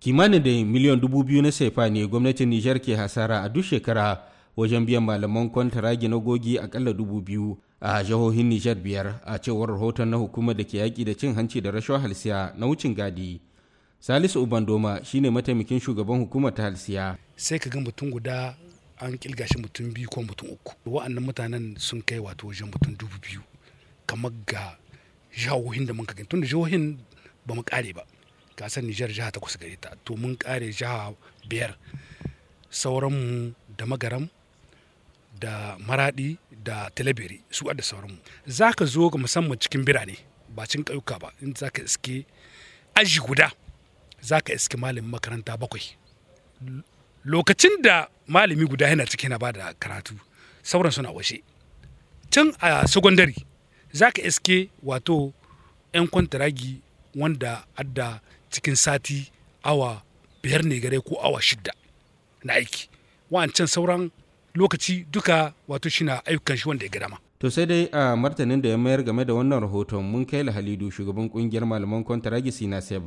kimanin da miliyan dubu biyu na saifa ne gwamnatin nijar ke hasara a duk shekara wajen biyan malaman kwantaragi na gogi akalla dubu biyu a jihohin nijar biyar a cewar rahoton na hukumar da ke yaƙi da cin hanci da rashon halsiya na wucin gadi salisu ubandoma shine mataimakin shugaban hukumar ta halsiya sai ka ga mutum guda an kilga shi mutum biyu ko mutum uku wa'annan mutanen sun kai wato wajen mutum dubu biyu kamar ga jihohin da muka gani tun da jihohin ba mu kare ba kasar nijar jiha takwas gare ta to mun kare jiha biyar sauranmu da magaram da maradi da talabiri su da sauranmu za ka zo musamman cikin birane ba cikin ƙauyuka ba in za ka iske aji guda za ka iske malamin makaranta bakwai lokacin da malami guda yana ciki na ba da karatu sauran suna washe can a secondary za ka iske wato 'yan kwantaragi wanda adda cikin sati awa biyar ne gare ko awa shidda na aiki wa'ancan sauran lokaci duka wato shi na ayyukan shi wanda ya gada ma to sai dai a martanin da ya mayar game da wannan rahoton mun kai halidu shugaban kungiyar malaman na seb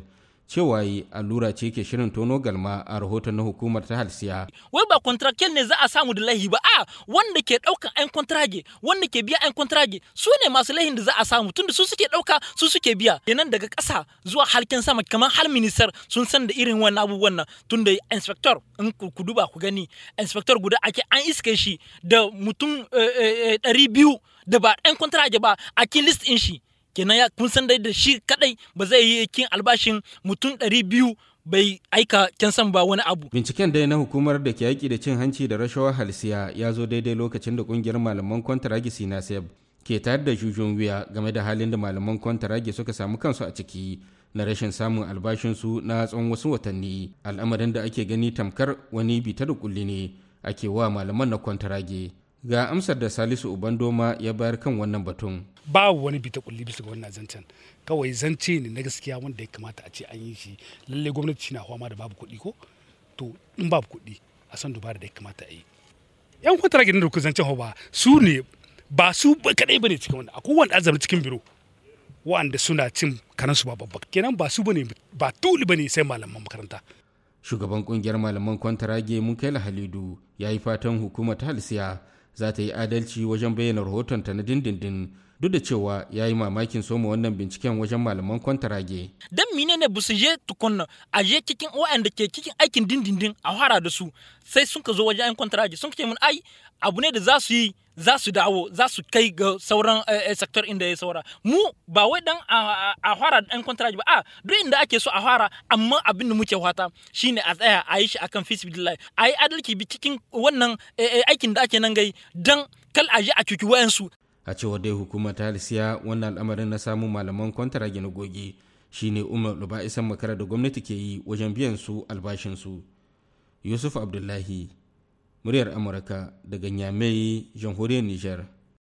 cewa yi allura ce ke shirin tono galma a rahoton na hukumar ta halsiya. Wai ba kontrakiyar ne za a samu da lahi ba a wanda ke ɗaukan ayan kontrage wanda ke biya ayan kontrage su ne masu lahin da za a samu tunda su suke ɗauka su suke biya. Kenan daga ƙasa zuwa halkin sama kamar hal minister sun san da irin wannan abubuwan nan tunda inspector in ku duba ku gani inspector guda ake an iske shi da mutum eh, eh, eh, ɗari biyu da ba ɗan kontrage ba a kin list ɗin shi. kenan ya kun san da shi kadai ba zai yi kin albashin mutum ɗari biyu bai aika can san ba wani abu. Binciken dai na hukumar da ke yaƙi da cin hanci da rashawa halsiya ya zo daidai lokacin da ƙungiyar malaman kwantaragi sinaseb ke tayar da jujun wuya game da halin da malaman kwantaragi suka samu kansu a ciki na rashin samun albashinsu na tsawon wasu watanni al'amarin da ake gani tamkar wani bita da kulli ne ake wa malaman na kwantarage. Ga amsar da Salisu Ubandoma ya bayar kan wannan batun. Babu wani bita kulli bisa ga wannan zancen. Kawai zance ne na gaskiya wanda ya kamata a ce an yi shi. Lalle gwamnati na fama da babu kuɗi ko? To in babu kuɗi a san dubara da ya kamata a yi. Yan kwatara gidan da zancen ba su ne ba su kadai bane cikin wanda akwai wanda azabar cikin biro wanda suna cin karansu ba babba kenan ba su bane ba tuli bane sai malaman makaranta shugaban kungiyar malaman kwantarage mun kai halidu ya yi fatan hukumar ta halisiya. za ta yi adalci wajen bayyana rahotonta na dindindin duk da cewa ya yi mamakin soma wannan binciken wajen malaman kwantarage. Don mine ne busu je tukun a je cikin da ke cikin aikin dindindin a fara da su sai sun ka zo wajen ayin kwantarage sun ce mun ai abu ne da za su yi za su dawo za su kai ga sauran eh, eh, sektor inda ya saura mu ba wai dan a fara dan contract ba a duk inda ake so a fara amma abin da muke fata shine a tsaya a yi shi akan feasibility a yi adalci bi cikin wannan eh, aikin da ake nan gai dan kal a a cuci wayansu a cewa dai hukumar ta halisiya wannan al'amarin na samun malaman kwantara gina goge shine umar luba isan makara da gwamnati ke yi wajen biyan su albashin su yusuf abdullahi muryar amurka daga nyamai jamhuriyar niger